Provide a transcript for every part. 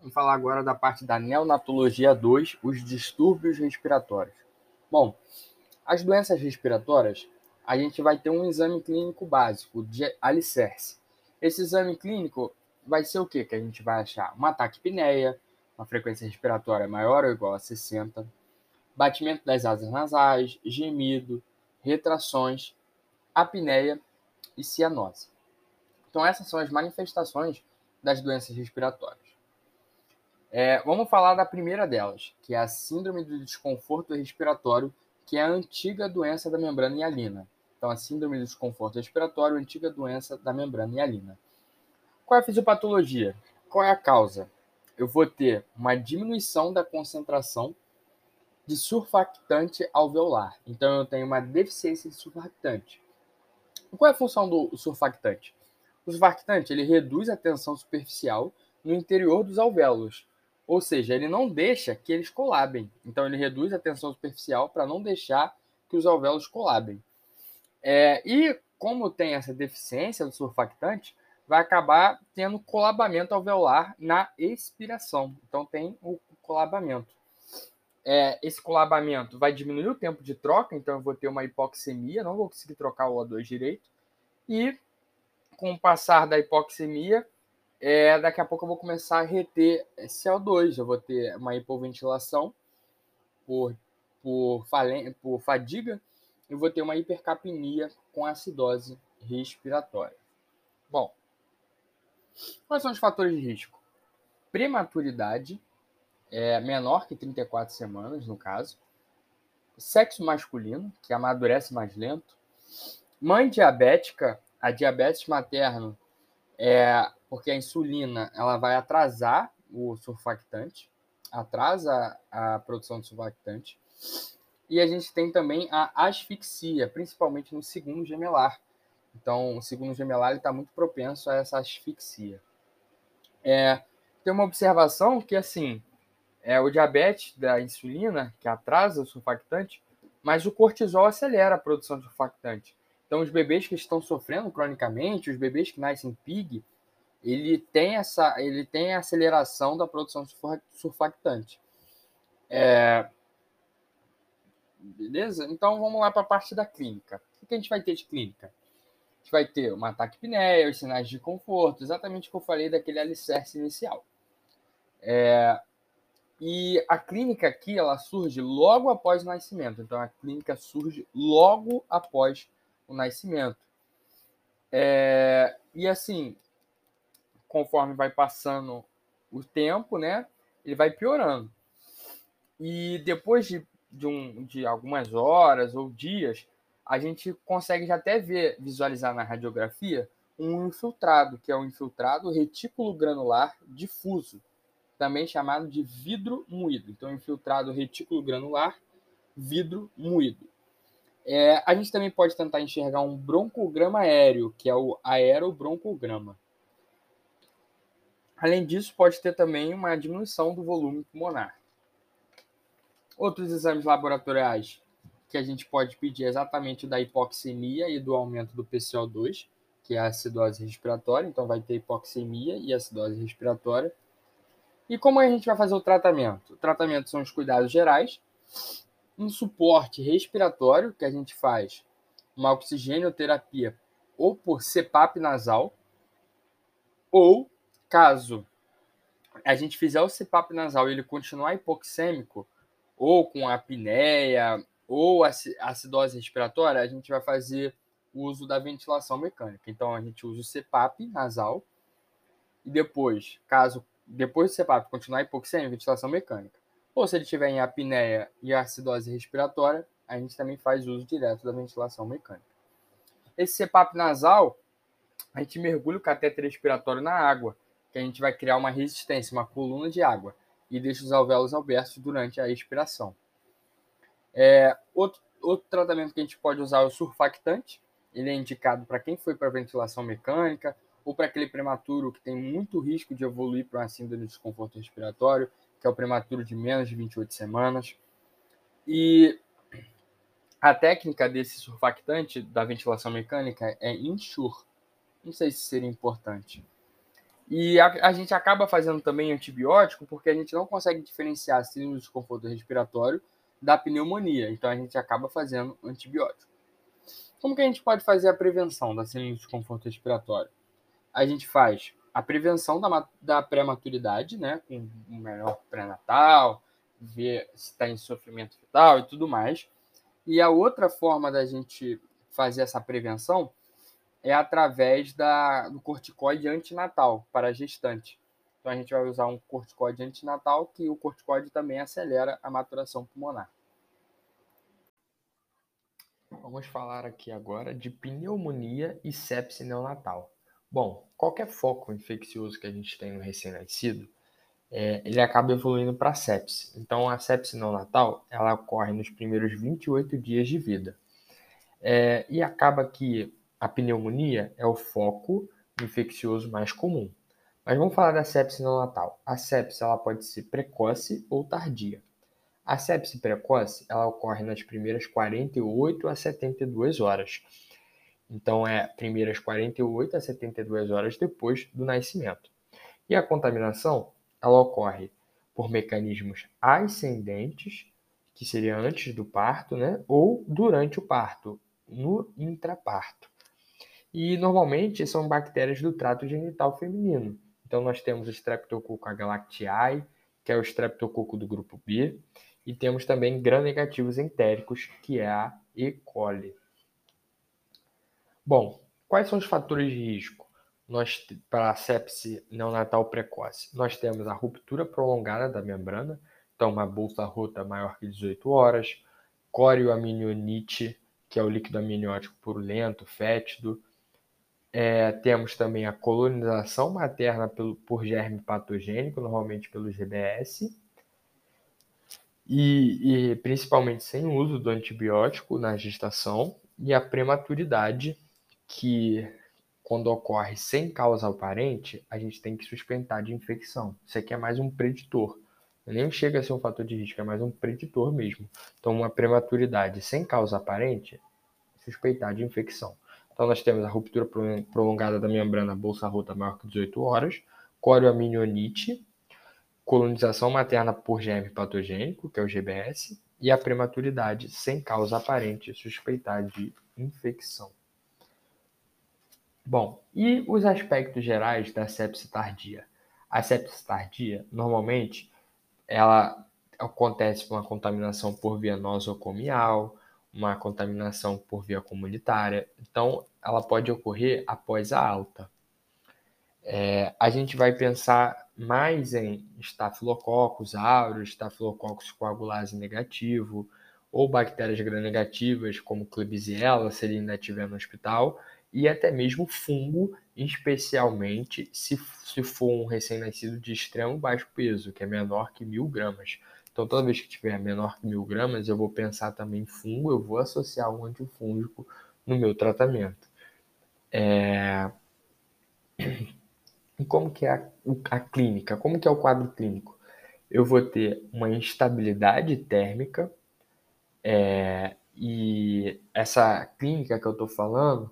Vamos falar agora da parte da neonatologia 2, os distúrbios respiratórios. Bom, as doenças respiratórias, a gente vai ter um exame clínico básico de alicerce. Esse exame clínico vai ser o que que a gente vai achar? Um ataque taquipneia, uma frequência respiratória maior ou igual a 60, batimento das asas nasais, gemido, retrações, apneia e cianose. Então essas são as manifestações das doenças respiratórias. É, vamos falar da primeira delas, que é a síndrome do desconforto respiratório, que é a antiga doença da membrana hialina. Então, a síndrome do desconforto respiratório, a antiga doença da membrana hialina. Qual é a fisiopatologia? Qual é a causa? Eu vou ter uma diminuição da concentração de surfactante alveolar. Então, eu tenho uma deficiência de surfactante. Qual é a função do surfactante? O surfactante ele reduz a tensão superficial no interior dos alvéolos, ou seja, ele não deixa que eles colabem. Então ele reduz a tensão superficial para não deixar que os alvéolos colabem. É, e como tem essa deficiência do surfactante, vai acabar tendo colabamento alveolar na expiração. Então tem o colabamento. É, esse colabamento vai diminuir o tempo de troca, então eu vou ter uma hipoxemia, não vou conseguir trocar o O2 direito. E com o passar da hipoxemia, é, daqui a pouco eu vou começar a reter CO2, eu vou ter uma hipoventilação por, por, falen por fadiga e vou ter uma hipercapnia com acidose respiratória. Bom, quais são os fatores de risco? Prematuridade, é menor que 34 semanas, no caso. Sexo masculino, que amadurece mais lento. Mãe diabética, a diabetes materna é, porque a insulina ela vai atrasar o surfactante, atrasa a produção de surfactante. E a gente tem também a asfixia, principalmente no segundo gemelar. Então, o segundo gemelar está muito propenso a essa asfixia. É, tem uma observação que, assim, é o diabetes da insulina, que atrasa o surfactante, mas o cortisol acelera a produção de surfactante. Então, os bebês que estão sofrendo cronicamente, os bebês que nascem PIG, ele tem essa, ele tem a aceleração da produção de surfactante. É... Beleza? Então vamos lá para a parte da clínica. O que a gente vai ter de clínica? A gente vai ter um ataque os sinais de conforto, exatamente o que eu falei daquele alicerce inicial. É... E a clínica aqui, ela surge logo após o nascimento. Então a clínica surge logo após o nascimento. É... E assim, conforme vai passando o tempo, né? Ele vai piorando. E depois de, de, um, de algumas horas ou dias, a gente consegue já até ver, visualizar na radiografia um infiltrado, que é o um infiltrado retículo granular difuso, também chamado de vidro moído. Então, infiltrado retículo granular, vidro moído. É, a gente também pode tentar enxergar um broncograma aéreo, que é o aerobroncograma. Além disso, pode ter também uma diminuição do volume pulmonar. Outros exames laboratoriais que a gente pode pedir é exatamente da hipoxemia e do aumento do PCO2, que é a acidose respiratória, então vai ter hipoxemia e acidose respiratória. E como a gente vai fazer o tratamento? O tratamento são os cuidados gerais, um suporte respiratório que a gente faz uma oxigenoterapia ou por CPAP nasal ou Caso a gente fizer o CPAP nasal e ele continuar hipoxêmico, ou com apneia, ou acidose respiratória, a gente vai fazer o uso da ventilação mecânica. Então, a gente usa o CPAP nasal e depois, caso depois do CPAP continuar hipoxêmico, ventilação mecânica. Ou se ele tiver em apneia e acidose respiratória, a gente também faz uso direto da ventilação mecânica. Esse CPAP nasal, a gente mergulha o cateter respiratório na água que a gente vai criar uma resistência, uma coluna de água, e deixa os alvéolos abertos durante a expiração. É, outro, outro tratamento que a gente pode usar é o surfactante. Ele é indicado para quem foi para ventilação mecânica ou para aquele prematuro que tem muito risco de evoluir para uma síndrome de desconforto respiratório, que é o prematuro de menos de 28 semanas. E a técnica desse surfactante da ventilação mecânica é insur. Não sei se seria importante. E a, a, gente acaba fazendo também antibiótico porque a gente não consegue diferenciar síndrome de desconforto respiratório da pneumonia. Então a gente acaba fazendo antibiótico. Como que a gente pode fazer a prevenção da síndrome de desconforto respiratório? A gente faz a prevenção da, da prematuridade, né? Com o melhor pré-natal, ver se está em sofrimento fetal e tudo mais. E a outra forma da gente fazer essa prevenção é através da, do corticoide antinatal para a gestante. Então a gente vai usar um corticoide antinatal, que o corticoide também acelera a maturação pulmonar. Vamos falar aqui agora de pneumonia e sepse neonatal. Bom, qualquer é foco infeccioso que a gente tem no recém-nascido, é, ele acaba evoluindo para sepse. Então, a sepse neonatal, ela ocorre nos primeiros 28 dias de vida. É, e acaba que a pneumonia é o foco infeccioso mais comum. Mas vamos falar da sepse neonatal. A sepse ela pode ser precoce ou tardia. A sepse precoce ela ocorre nas primeiras 48 a 72 horas. Então é primeiras 48 a 72 horas depois do nascimento. E a contaminação ela ocorre por mecanismos ascendentes, que seria antes do parto, né? ou durante o parto, no intraparto. E normalmente são bactérias do trato genital feminino. Então nós temos o Streptococcus galactiae, que é o Streptococcus do grupo B, e temos também gram-negativos entéricos, que é a E. coli. Bom, quais são os fatores de risco nós, para a sepse neonatal precoce? Nós temos a ruptura prolongada da membrana, então uma bolsa rota maior que 18 horas, corioaminionite, que é o líquido amniótico purulento, fétido, é, temos também a colonização materna pelo, por germe patogênico, normalmente pelo GBS, e, e principalmente sem uso do antibiótico na gestação, e a prematuridade, que quando ocorre sem causa aparente, a gente tem que suspeitar de infecção. Isso aqui é mais um preditor. Nem chega a ser um fator de risco, é mais um preditor mesmo. Então, uma prematuridade sem causa aparente, suspeitar de infecção. Então, nós temos a ruptura prolongada da membrana bolsa rota maior que 18 horas, corioaminionite, colonização materna por germe patogênico, que é o GBS, e a prematuridade sem causa aparente suspeitar de infecção. Bom, e os aspectos gerais da sepse tardia? A sepse tardia, normalmente, ela acontece com a contaminação por via nosocomial, uma contaminação por via comunitária. Então, ela pode ocorrer após a alta. É, a gente vai pensar mais em estafilococcus aureus, estafilococcus coagulase negativo, ou bactérias gram-negativas, como Klebsiella, se ele ainda estiver no hospital, e até mesmo fungo, especialmente se, se for um recém-nascido de extremo baixo peso, que é menor que mil gramas. Então, toda vez que tiver menor que mil gramas, eu vou pensar também em fungo, eu vou associar um antifúngico no meu tratamento. É... E como que é a, a clínica? Como que é o quadro clínico? Eu vou ter uma instabilidade térmica, é... e essa clínica que eu estou falando,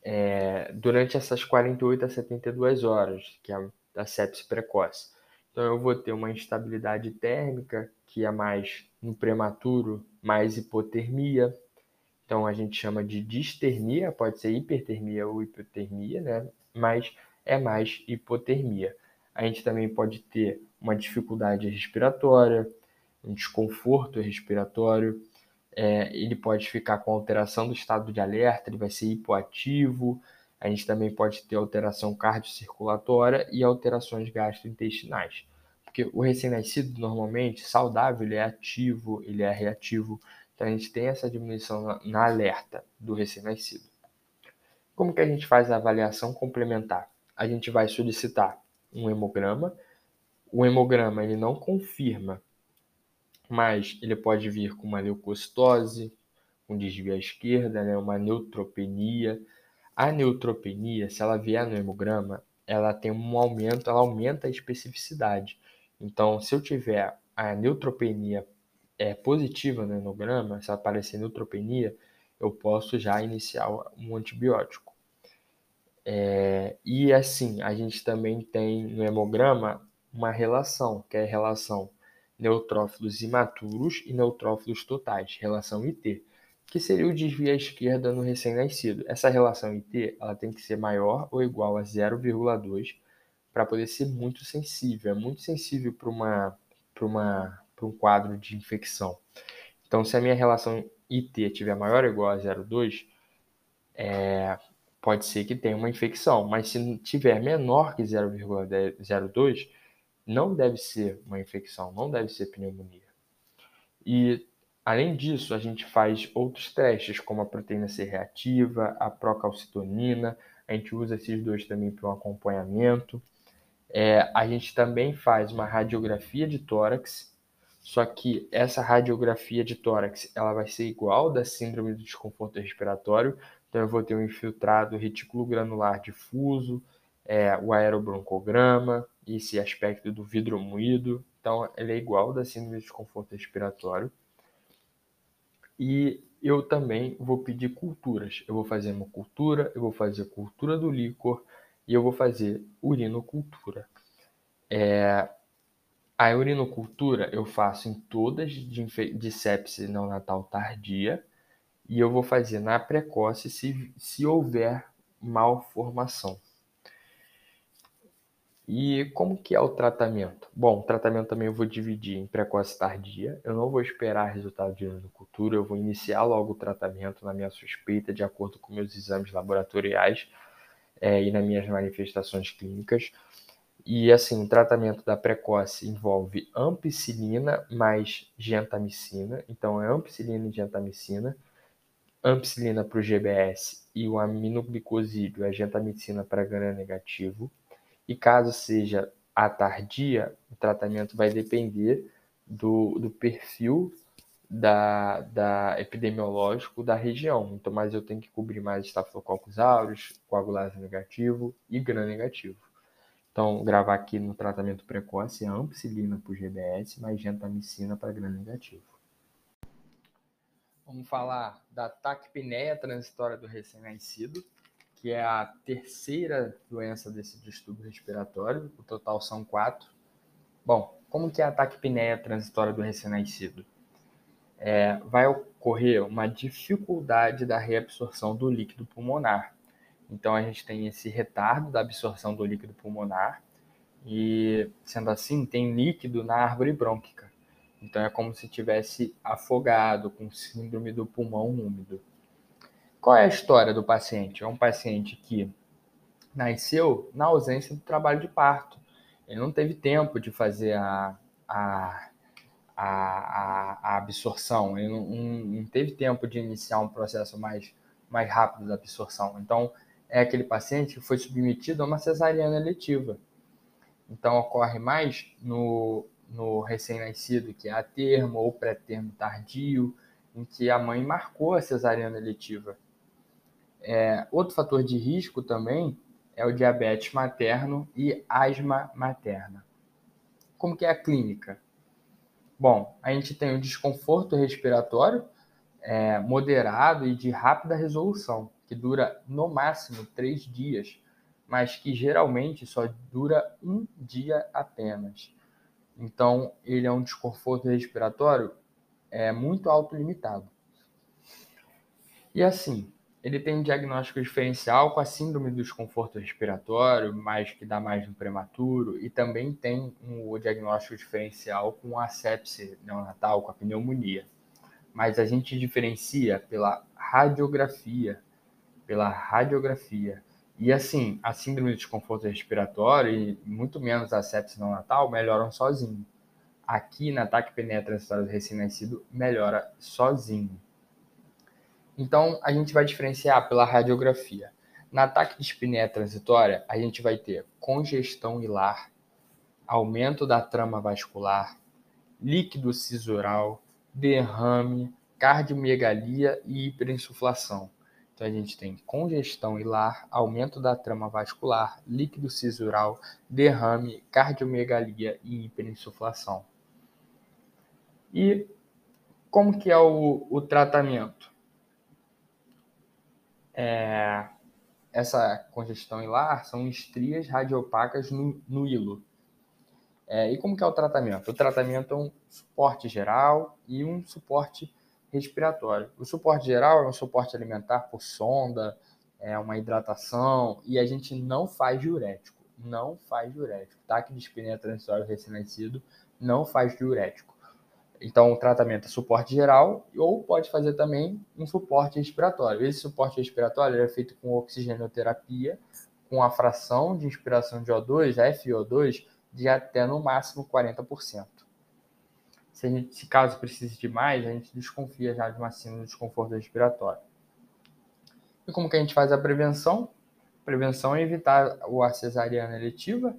é... durante essas 48 a 72 horas, que é a sepse precoce. Então eu vou ter uma instabilidade térmica, que é mais no prematuro, mais hipotermia. Então a gente chama de distermia, pode ser hipertermia ou hipotermia, né? Mas é mais hipotermia. A gente também pode ter uma dificuldade respiratória, um desconforto respiratório. É, ele pode ficar com alteração do estado de alerta, ele vai ser hipoativo, a gente também pode ter alteração cardiocirculatória e alterações gastrointestinais. Porque o recém-nascido, normalmente, saudável, ele é ativo, ele é reativo. Então a gente tem essa diminuição na, alerta do recém-nascido. Como que a gente faz a avaliação complementar? A gente vai solicitar um hemograma. O hemograma ele não confirma, mas ele pode vir com uma leucocitose, um desvio à esquerda, né, uma neutropenia, a neutropenia, se ela vier no hemograma, ela tem um aumento, ela aumenta a especificidade. Então, se eu tiver a neutropenia é, positiva no hemograma, se aparecer neutropenia, eu posso já iniciar um antibiótico. É, e assim, a gente também tem no hemograma uma relação, que é a relação neutrófilos imaturos e neutrófilos totais, relação IT que seria o desvio à esquerda no recém-nascido. Essa relação IT ela tem que ser maior ou igual a 0,2 para poder ser muito sensível. É muito sensível para uma, uma, um quadro de infecção. Então, se a minha relação IT tiver maior ou igual a 0,2, é, pode ser que tenha uma infecção. Mas se tiver menor que 0,02, não deve ser uma infecção, não deve ser pneumonia. E Além disso, a gente faz outros testes, como a proteína C reativa, a procalcitonina, a gente usa esses dois também para um acompanhamento. É, a gente também faz uma radiografia de tórax, só que essa radiografia de tórax ela vai ser igual da síndrome do desconforto respiratório, então eu vou ter um infiltrado retículo granular difuso, é, o aerobroncograma, esse aspecto do vidro moído, então ele é igual da síndrome do desconforto respiratório. E eu também vou pedir culturas. Eu vou fazer uma cultura, eu vou fazer cultura do líquor e eu vou fazer urinocultura. É... A urinocultura eu faço em todas de, de sepse neonatal tardia e eu vou fazer na precoce se, se houver malformação. E como que é o tratamento? Bom, o tratamento também eu vou dividir em precoce e tardia. Eu não vou esperar resultado de cultura, eu vou iniciar logo o tratamento na minha suspeita, de acordo com meus exames laboratoriais é, e nas minhas manifestações clínicas. E assim, o tratamento da precoce envolve ampicilina mais gentamicina. Então é ampicilina e gentamicina. Ampicilina para o GBS e o aminoglicosídeo, a é gentamicina para ganho negativo. E caso seja a tardia, o tratamento vai depender do, do perfil da, da epidemiológico da região. Então, mas eu tenho que cobrir mais estafilococcus aureus, coagulase negativo e gram negativo. Então, gravar aqui no tratamento precoce é ampicilina para o GBS, mais gentamicina para gram negativo. Vamos falar da taquipneia transitória do recém-nascido que é a terceira doença desse distúrbio respiratório, o total são quatro. Bom, como que é a taquipneia transitória do recém-nascido? É, vai ocorrer uma dificuldade da reabsorção do líquido pulmonar. Então a gente tem esse retardo da absorção do líquido pulmonar e, sendo assim, tem líquido na árvore brônquica. Então é como se tivesse afogado com síndrome do pulmão úmido. Qual é a história do paciente? É um paciente que nasceu na ausência do trabalho de parto. Ele não teve tempo de fazer a, a, a, a absorção, ele não, não, teve tempo de iniciar um processo mais, mais rápido da absorção. Então, é aquele paciente que foi submetido a uma cesariana eletiva. Então, ocorre mais no, no recém-nascido, que é a termo ou pré-termo tardio, em que a mãe marcou a cesariana eletiva. É, outro fator de risco também é o diabetes materno e asma materna. Como que é a clínica? Bom, a gente tem o desconforto respiratório é, moderado e de rápida resolução, que dura no máximo três dias, mas que geralmente só dura um dia apenas. Então, ele é um desconforto respiratório é, muito autolimitado. E assim, ele tem um diagnóstico diferencial com a síndrome do desconforto respiratório, mais que dá mais no prematuro, e também tem um diagnóstico diferencial com a sepse neonatal, com a pneumonia. Mas a gente diferencia pela radiografia, pela radiografia. E assim, a síndrome do desconforto respiratório e muito menos a sepse neonatal melhoram sozinho. Aqui na TAC penetra recém-nascido melhora sozinho. Então, a gente vai diferenciar pela radiografia. Na ataque de espinéia transitória, a gente vai ter congestão hilar, aumento da trama vascular, líquido cisural, derrame, cardiomegalia e hiperinsuflação. Então, a gente tem congestão hilar, aumento da trama vascular, líquido cisural, derrame, cardiomegalia e hiperinsuflação. E como que é o, o tratamento? É, essa congestão hilar são estrias radiopacas no, no hilo. É, e como que é o tratamento? O tratamento é um suporte geral e um suporte respiratório. O suporte geral é um suporte alimentar por sonda, é uma hidratação, e a gente não faz diurético. Não faz diurético. Tá? Que dispenia penetratório recém-nascido não faz diurético. Então, o tratamento é suporte geral ou pode fazer também um suporte respiratório. Esse suporte respiratório é feito com oxigenoterapia, com a fração de inspiração de O2, é FO2, de até no máximo 40%. Se, a gente, se caso precise de mais, a gente desconfia já de uma síndrome de desconforto respiratório. E como que a gente faz a prevenção? Prevenção é evitar a cesariana eletiva,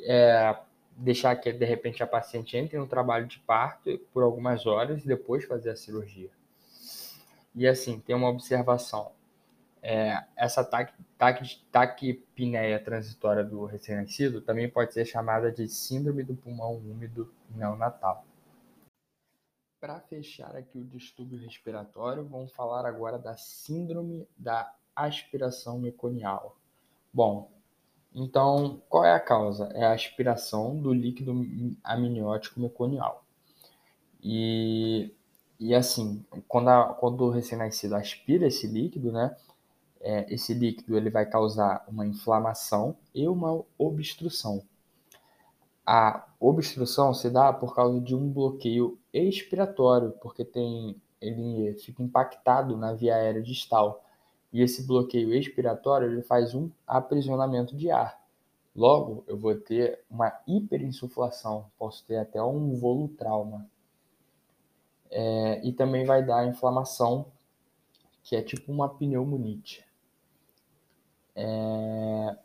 é, deixar que de repente a paciente entre no trabalho de parto por algumas horas e depois fazer a cirurgia. E assim, tem uma observação. É, essa tac, tac, taquipneia transitória do recém-nascido também pode ser chamada de síndrome do pulmão úmido neonatal. Para fechar aqui o distúrbio respiratório, vamos falar agora da síndrome da aspiração meconial. Bom, então, qual é a causa? É a aspiração do líquido amniótico meconial. E, e assim, quando, a, quando o recém-nascido aspira esse líquido, né, é, esse líquido ele vai causar uma inflamação e uma obstrução. A obstrução se dá por causa de um bloqueio expiratório, porque tem, ele fica impactado na via aérea distal. E esse bloqueio expiratório ele faz um aprisionamento de ar. Logo, eu vou ter uma hiperinsuflação, posso ter até um volutrauma. É, e também vai dar inflamação, que é tipo uma pneumonite. É...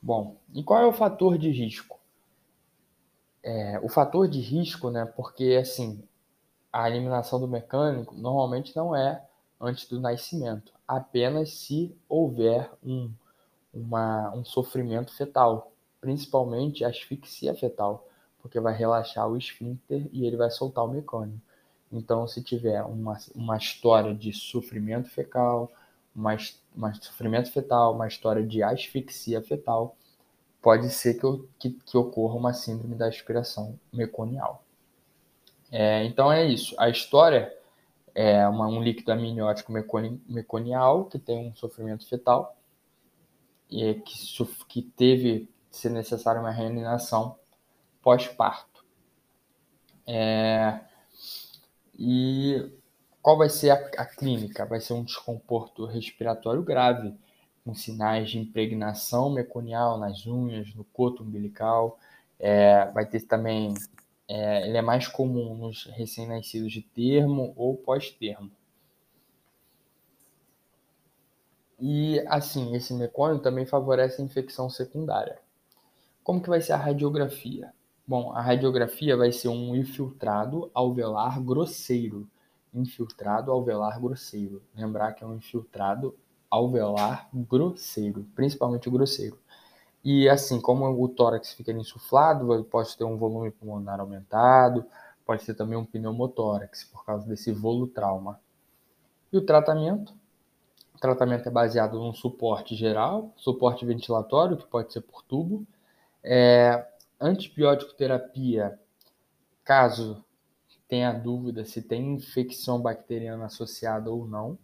Bom, e qual é o fator de risco? É, o fator de risco, né? Porque assim, a eliminação do mecânico normalmente não é antes do nascimento, apenas se houver um, uma, um sofrimento fetal, principalmente asfixia fetal, porque vai relaxar o esfíncter e ele vai soltar o mecônio. Então, se tiver uma, uma história de sofrimento fecal, uma, sofrimento fetal, uma história de asfixia fetal, pode ser que, que, que ocorra uma síndrome da aspiração meconial. É, então é isso. A história é uma, um líquido amniótico meconial, que tem um sofrimento fetal, e que, que teve, se necessário, uma reanimação pós-parto. É, e qual vai ser a, a, clínica? Vai ser um desconforto respiratório grave, com sinais de impregnação meconial nas unhas, no coto umbilical, é, vai ter também é, ele é mais comum nos recém-nascidos de termo ou pós-termo. E assim, esse mecônio também favorece a infecção secundária. Como que vai ser a radiografia? Bom, a radiografia vai ser um infiltrado alveolar grosseiro. Infiltrado alveolar grosseiro. Lembrar que é um infiltrado alveolar grosseiro, principalmente grosseiro. E assim, como o tórax fica insuflado, pode ter um volume pulmonar aumentado, pode ser também um pneumotórax por causa desse volutrauma. E o tratamento? O tratamento é baseado num suporte geral, suporte ventilatório, que pode ser por tubo, é, antibiótico terapia, caso tenha dúvida se tem infecção bacteriana associada ou não,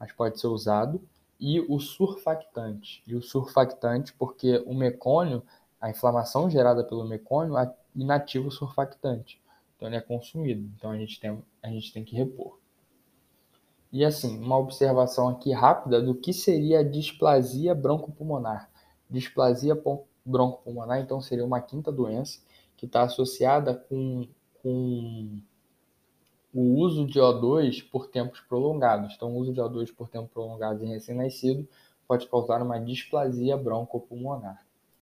mas pode ser usado e o surfactante. E o surfactante, porque o mecônio, a inflamação gerada pelo mecônio, inativa o surfactante. Então ele é consumido. Então a gente tem, a gente tem que repor. E assim, uma observação aqui rápida do que seria a displasia broncopulmonar. Displasia broncopulmonar, então, seria uma quinta doença que está associada com, com o uso de O2 por tempos prolongados. Então, o uso de O2 por tempo prolongado em recém-nascido pode causar uma displasia broncopulmonar.